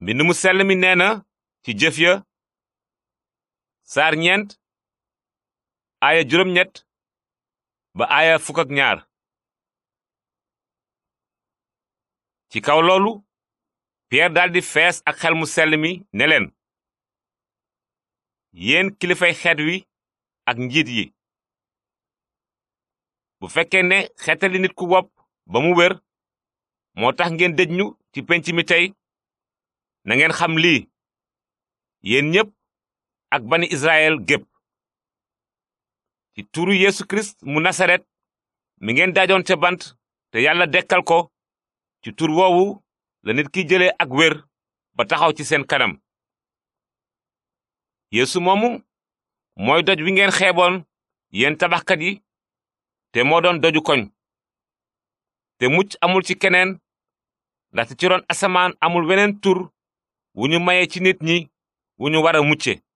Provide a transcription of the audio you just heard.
mbind mu sell mi nee na ci jëf ya saar ñeent aaya juróom-ñett ba aaya fukk ak ñaar ci kaw loolu Pierre daldi fees ak xel mu sell mi neleen leen yéen kilifay xeet wi ak njiit yi bu fekkee ne xeetali nit ku wopp ba mu wér moo tax ngeen dëj ñu ci penc mi tey na ngeen xam lii yéen ñépp ak bani israel gépp ci turu yesu kirist mu nasaret mi ngeen daajoon ca bant te yàlla dekkal ko ci tur woowu la nit ki jëlee ak wér ba taxaw ci seen kanam yeesu moomu mooy doj wi ngeen xeeboon yéen tabaxkat yi te moo doon doju koñ te mucc amul ci keneen ndaxte ci roon asamaan amul weneen tur wu ñu mayee ci nit ñi wu ñu war a mucce